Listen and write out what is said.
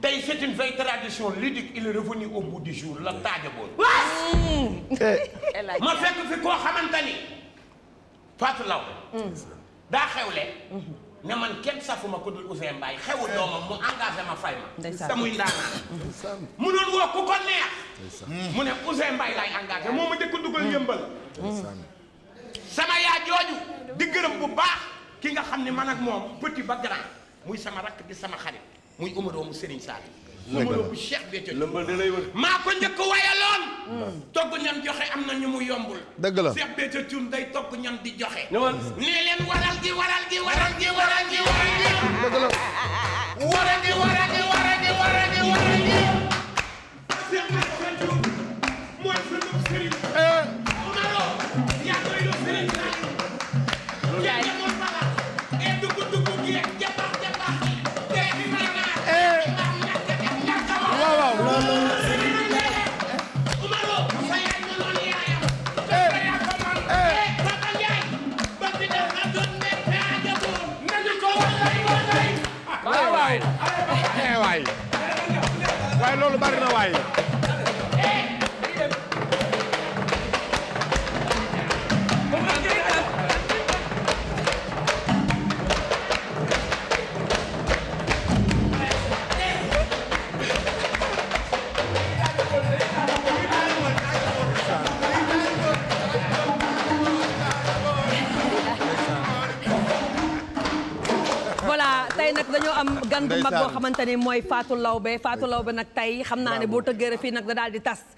tey c'est une vieille tradition ludique il est revenu au bout du jour la taaja boon eh. ma fekk fi koo xamante ni Fatou Law mm. daa xewle mm-hmm. ne man kenn safuma ko dul Ousseyn Mbaye xewul eh. doomam mu engagé ma fay ma samuy ndaanaan mu noon woo ku ko neex mu ne Ousseyn Mbaye laay engagé mm. moo ma jëkk dugal mm. yëmbal sama yaa jooju di gërëm bu baax ki nga xam ne man ak moom petit ba grand muy sama rakk di sama xarit muy umaroo mu Serigne Sall. umaroo bu Cheikh Béthio lëmbal da lay wër hmm. Hmm. joxe am na ñu mu yombul dëgg la Cheikh day togg ñan di joxe nee leen waral gi waral gi waral gi waral gi waral gi dëgg la waral gi waral gi waral gi waral gi waral gi Cheikh Béthio Thioune mooy sunu Serigne eh. Eh, waay waay loolu bari na waay tey nag dañoo am gan bu mag boo xamante ni mooy Fatou Laobé Fatou Laobé nag tey xam naa ne boo tëggee fii nag da daal di tas